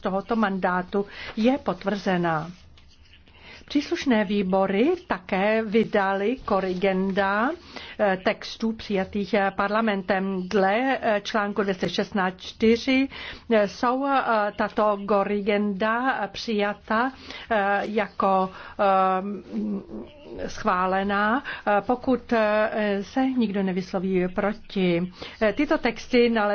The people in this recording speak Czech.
tohoto mandátu je potvrzená. Příslušné výbory také vydali korigenda eh, textů přijatých eh, parlamentem. Dle eh, článku 216.4 jsou tato korigenda přijata jako schválená, pokud se nikdo nevysloví proti. Tyto texty nalezí